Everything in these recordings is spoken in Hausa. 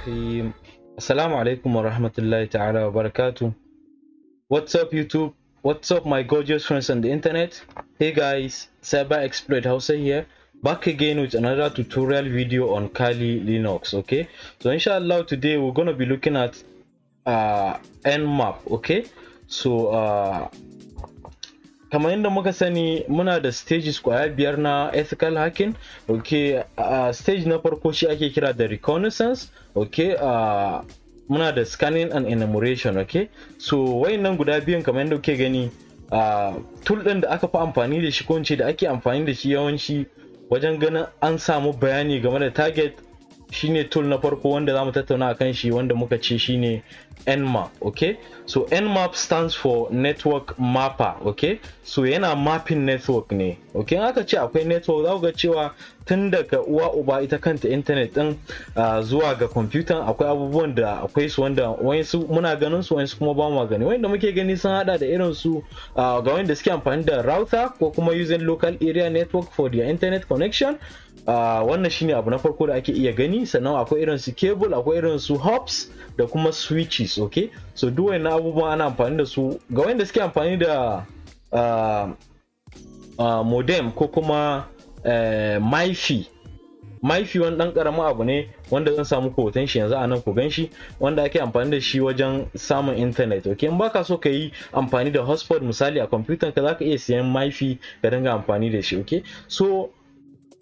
الرحيم Assalamu alaikum wa rahmatullahi ta'ala wa barakatuh. What's up YouTube? What's up my gorgeous friends on the internet? Hey guys, Cyber Exploit House here. Back again with another tutorial video on Kali Linux, okay? So inshallah today we're gonna be looking at uh, Nmap, okay? So uh, kamar yadda muka sani muna da stages kwaya biyar na ethical hacking ok uh, stage na farko shi ake kira da reconnaissance ok uh, muna da scanning and enumeration ok so wayannan guda biyun kamar yadda kuke gani uh, tool ɗin da aka fi amfani da shi ko da ake amfani da shi yawanci wajen ganin an samu bayani game da target shine tool na farko wanda zamu tattauna akan shi wanda muka ce shine nmap okay so nmap stands for network mapper okay so yana mapping network ne okay in aka ce akwai network za ga cewa tun daga uwa uba ita kanta internet din uh, zuwa ga computer akwai abubuwan da akwai su wanda wayansu muna ganin su wayansu kuma ba mu gani wanda muke gani sun hada da irin su uh, ga wanda suke amfani da router ko kuma using local area network for their internet connection Uh, wannan shine abu na farko da ake iya gani sannan akwai irin su cable akwai irin su hubs da kuma switches cookies okay so duk wani abubuwan ana amfani da su ga wanda suke amfani da ah, ah, modem ko kuma uh, eh, maifi wani dan karamin abu ne wanda zan samu ku shi yanzu a nan ku ganshi wanda ake amfani da shi wajen samun internet ok in baka so ka yi amfani da hotspot misali a kwamfutan ka zaka iya siyan maifi ka dinga amfani da shi ok so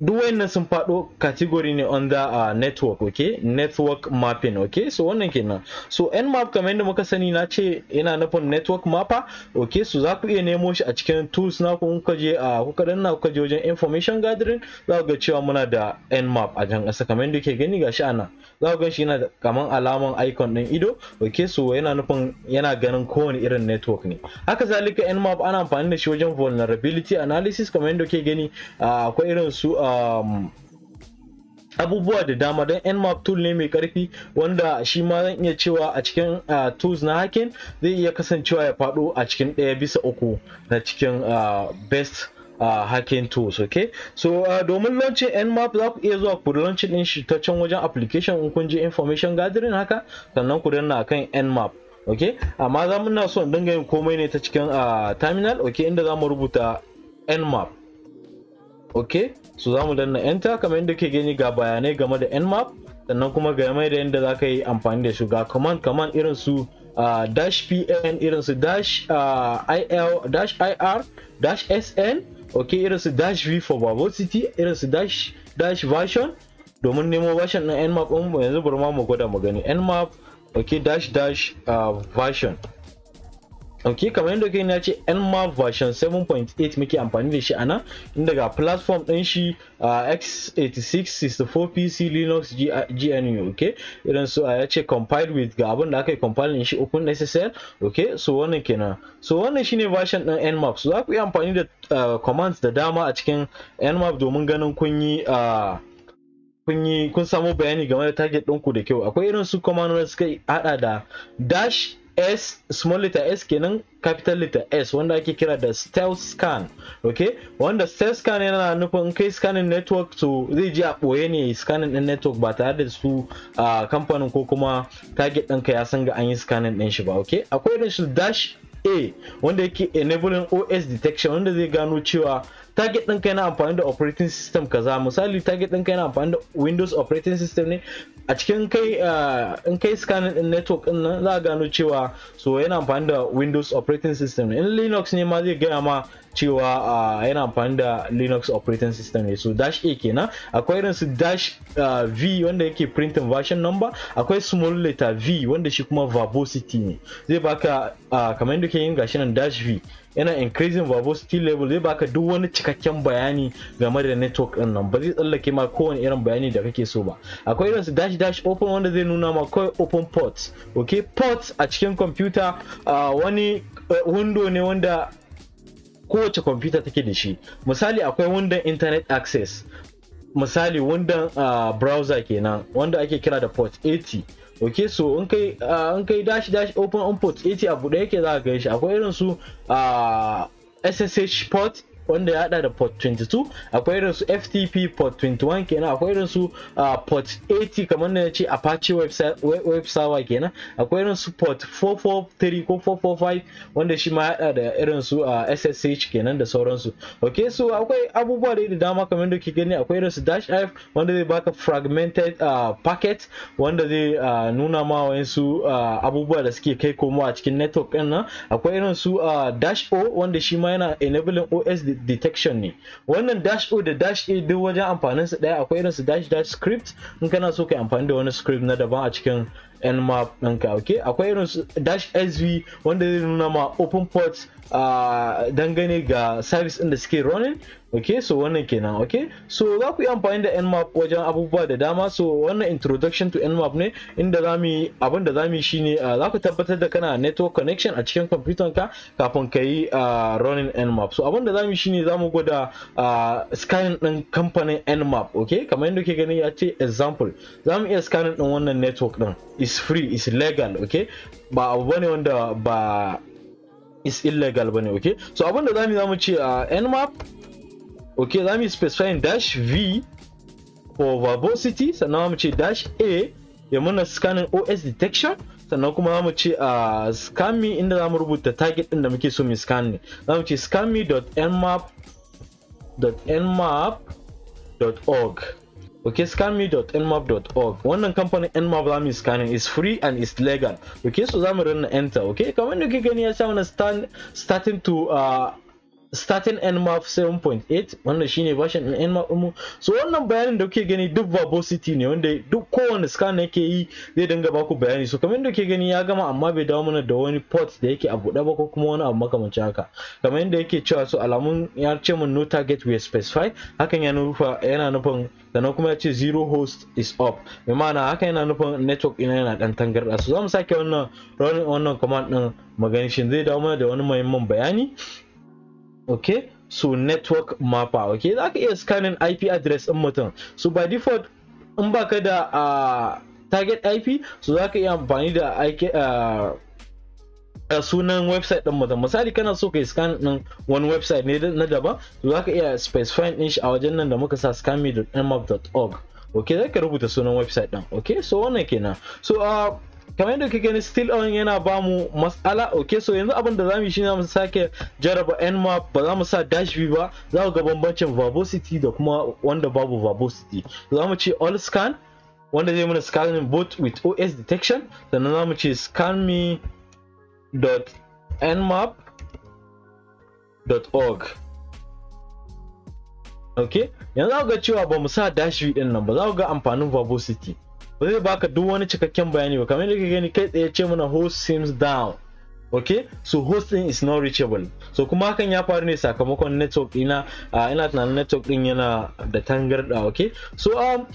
duk wayannan sun faɗo category ne under a uh, network okay network mapping okay so wannan kenan so nmap kamar yadda muka sani na ce yana nufin network mapper okay so za ku iya nemo shi a cikin tools na ku kuka je a uh, kuka danna kuka je wajen information gathering za ku ga cewa muna da nmap a jan ƙasa kamar yadda ke gani gashi a nan za ku ga shi yana kaman alaman icon din ido okay so yana nufin yana ganin kowane irin network ne haka zalika n map ana amfani da shi wajen vulnerability analysis kamar yadda ke gani uh, akwai irin su a uh, Um, abubuwa da dama don nmap tool ne mai karfi wanda shi ma zan iya cewa a cikin uh, tools na hacking zai iya kasancewa ya faɗo a cikin ɗaya bisa uku na cikin uh, best uh, hacking tools okay so uh, domin launching nmap za ku iya zuwa ku launching din shi ta can wajen application in kun je information gathering haka sannan ku danna kan nmap okay amma za mu na so in dinga yin komai ne ta cikin uh, terminal okay inda za mu rubuta nmap okay su zamu danna enter kamar yadda ke gani ga bayanai game da nmap sannan kuma game da yadda za ka yi amfani da shi ga command command irin su uh, dash pn irin su dash uh, il dash ir dash sn ok irin su dash v for verbosity irin su dash dash version domin nemo version na nmap yanzu burma mu gwada mu gani nmap ok dash dash uh, version ok kamar yadda kai ne ce nma version 7.8 muke amfani da shi a nan inda ga platform din shi x86 64 pc linux gnu ok irin su ya ce compiled with ga abin aka yi din shi ssl ok so wannan kenan so wannan shine version din nmap so za ku yi amfani da commands da dama a cikin nmap domin ganin kun yi kun yi samo bayani game da target ɗinku da kyau akwai irin su command suka hada da dash S small letter S kenan capital letter S wanda ake kira da stealth scan okay wanda stealth scan yana nufin kai scanning network to zai ji a ɓoye ne scanning din network ba tare da su a kamfanin ko kuma target ɗinka ya san ga an yi scanning din shi ba okay akwai irin shi dash A wanda yake enabling OS detection wanda zai gano cewa target ka yana amfani da operating system kaza misali target ka yana amfani da windows operating system ne a cikin kai eh, in kai scanning din network din nan za a gano cewa so yana amfani da windows operating system ne in linux ne ma zai gaya ma cewa eh, yana amfani da linux operating system ne so dash a kenan akwai irin su dash eh, v wanda yake printin version number akwai small letter v wanda shi kuma verbosity ne zai baka kamar yadda ke yin gashi nan dash v yana increasing verbosity level zai baka duk wani cikakken bayani game da network din nan ba zai tsallake ma kowane irin bayani da kake so ba akwai irin su dash dash open wanda zai nuna ma kawai open ports okay ports a cikin computer uh, wani uh, window ne wanda kowace computer take da shi misali akwai window internet access misali a browser kenan wanda ake kira da port 80 ok so in kai dash dash open on port 80 abu da yake za ka gaishe shi akwai irin su ssh port wanda ya hada da port 22 akwai irin su ftp port 21 kenan akwai irin su port 80 kamar na ce apache web server kenan akwai irin su port 443 ko 445 wanda shi ma hada da irin su ssh kenan da sauransu ok so akwai abubuwa da dama kamar da ke gani akwai irin su dash if wanda zai baka fragmented packet wanda zai nuna ma wayansu abubuwa da suke kai komo a cikin network din nan akwai irin su dash o wanda shi ma yana enabling os detection ne wannan dash o da dash a duk wajen amfanin su daya akwai irin su dash dash script in kana so kai amfani da wani script na daban a cikin nmap ɗinka ok akwai irin su dash sv wanda zai nuna ma open port ah, dangane ga service ɗin da suke running okay so wannan kenan okay so za ku yi amfani da nmap wajen abubuwa da dama so wannan introduction to nmap ne inda za mu abin da za mu shine ah, za ku tabbatar da kana network connection a cikin computer ka kafin ka yi ah, running nmap so abin da za mu shine za mu gwada ah, scanning din kamfanin nmap okay kamar yadda kuke gani ya ce example za mu iya scanning din wannan network din is free is legal okay ba abu bane wanda ba is illegal bane ok so abin da za mu ce nmap ok za mu specifying dash v for verbosity sannan za wame ce dash a ya muna scanning os detection sannan kuma wame ce a ah, scan me inda za mu rubuta target din da muke so mu scan ne za mu ce scan me.nmap.nmap.org scanme.nmap.org wannan kamfanin nmap za mu scanning is free and is legal Ok so za mu rinna enter okay kamar da kuke gani ya sa mana starting to uh, starting nmap 7.8 wanda shine version din nmap mu so wannan bayanin da kuke gani duk verbosity ne wanda duk kowane scan yake yi zai dinga baku bayani so kamar yadda kuke gani ya gama amma bai dawo mana da wani port da yake a buɗe ba ko kuma wani abu makamancin haka kamar yadda yake cewa so alamun ya ce mun no target we specify hakan ya nufa yana nufin sannan kuma ya ce zero host is up mai ma'ana haka yana nufin network ina yana dan tangarda so za mu sake wannan running wannan command din magani shin zai dawo mana da wani muhimmin bayani okay so network mapper okay za ka iya scanning ip address din mutum so by default in baka da uh, target ip so za ka iya amfani da a ah, ah, sunan website din mutum misali kana so ka scan din wani website ne na daban za ka iya specifying din shi a wajen nan da muka sa scanme.mmap.org okay ka rubuta sunan website din okay so wannan kenan so kamar yadda kake gani still on yana ba mu matsala ok so yanzu abin da zamu yi shine mu sake jaraba nmap ba za mu sa dash v ba za ga bambancin verbosity da kuma wanda babu verbosity za mu ce all scan wanda zai mana scanning both with os detection sannan za mu ce scan me dot nmap dot org ok yanzu za ga cewa ba mu sa dash v din nan ba za ku ga amfanin verbosity ba zai baka duk wani cikakken bayani ba kamar yadda gani kai tsaye ce mana host seems down okay so hosting is not reachable so kuma hakan ya faru ne sakamakon network dina uh, ina tunanin network din yana da tangarda okay so um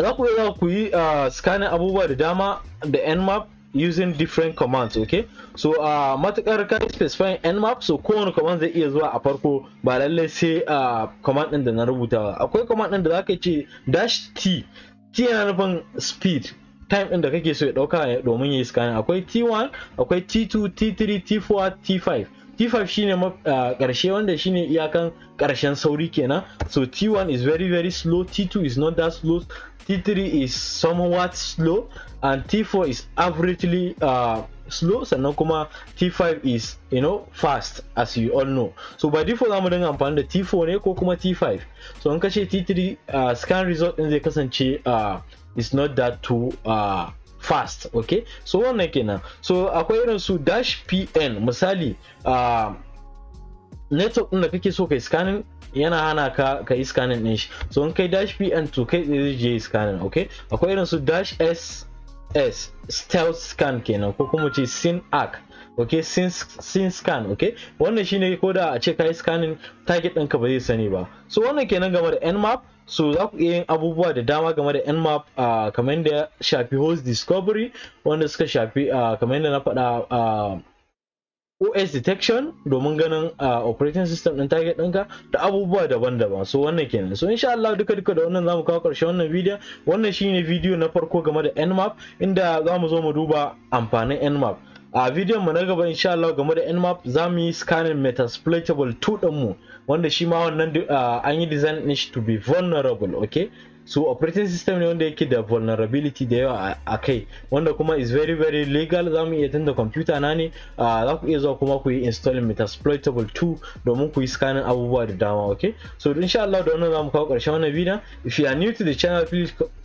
za ku iya ku yi ah, scanning abubuwa da dama da nmap using different commands okay so uh, ah, matukar kai specifying nmap so kowane command zai iya zuwa a farko ba lallai sai uh, command ɗin da na rubuta akwai command ɗin da zaka ce dash t t yana nufin speed time ɗin da kake so ya ɗauka domin ya yi scanning akwai t1 akwai t2 t3 t4 t5 t5 shine karshe ah, wanda shine iyakan karshen sauri kenan so t1 is very very slow t2 is not that slow t3 is somewhat slow and t4 is averagely uh, slow sannan kuma t5 is you know fast as you all know so by default zamu dinga amfani da t4 ne ko kuma t5 so in kace t3 uh, scan result din zai kasance uh, is not that too uh, fast okay so wannan kenan so akwai irin su dash pn misali uh, network din da kake so kai scanning yana hana ka ka scanning din shi so in kai dash pn to kai zai je scanning okay akwai irin su dash s S stealth scan kenan ko kuma ce sin arc ok sin, sin scan ok wannan shine ko da a ce kai scanning target ɗinka ba zai sani ba so wannan kenan game da nmap so za ku iya yin abubuwa da dama game da nmap uh, kamar da shafi host discovery wanda suka shafi uh, kamar da na faɗa uh, OS detection domin ganin uh, operating system ɗin target ɗinka da abubuwa daban-daban so wannan kenan so insha Allah duka duka da wannan zamu kawo ƙarshen wannan bidiyon wannan shine bidiyo na farko game da Nmap inda zamu zo mu duba amfanin Nmap a bidiyon mu na gaba insha Allah game da Nmap zamu yi scanning metasploitable 2 ɗinmu wanda shi ma wannan uh, an yi design ɗin shi to be vulnerable okay so operating system ne wanda yake da vulnerability da yawa a kai wanda kuma is very very legal za mu iya tunda computer na ne za ku iya zuwa kuma ku yi installing metasploitable 2 domin ku yi scanning abubuwa da dama okay so insha Allah da wannan za mu kawo karshe wannan bidiyon if you are new to the channel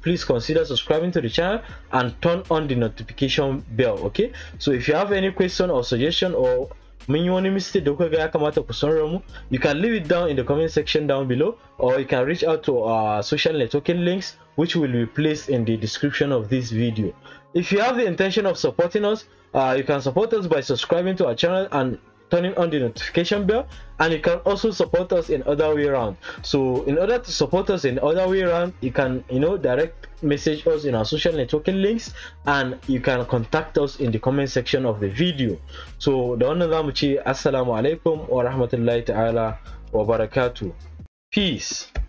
please consider subscribing to the channel and turn on the notification bell okay so if you have any question or suggestion or mun yi wani mistake da kuka ga ya kamata ku san mu you can leave it down in the comment section down below or you can reach out to our social networking links which will be placed in the description of this video if you have the intention of supporting us uh, you can support us by subscribing to our channel and turning on the notification bell and you can also support us in other way around so in order to support us in other way around you can you know direct message us in our social networking links and you can contact us in the comment section of the video so da wannan zamu ce assalamu alaikum wa rahmatullahi ta'ala wa barakatuh peace